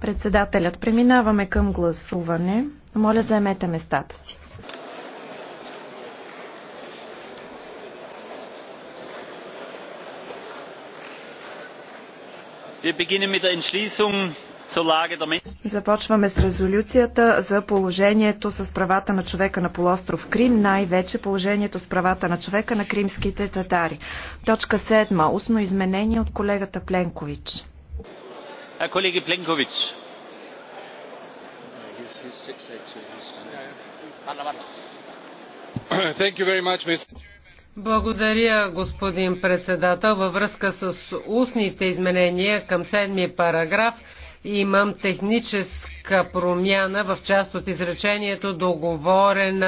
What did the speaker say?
Председателят, преминаваме към гласуване. Моля, заемете местата си. Wir beginnen mit der Entschließung Започваме с резолюцията за положението с правата на човека на полуостров Крим, най-вече положението с правата на човека на кримските татари. Точка 7. Устно изменение от колегата Пленкович. Е, колеги Пленкович. Благодаря, господин председател. Във връзка с устните изменения към седми параграф, Имам техническа промяна в част от изречението договорена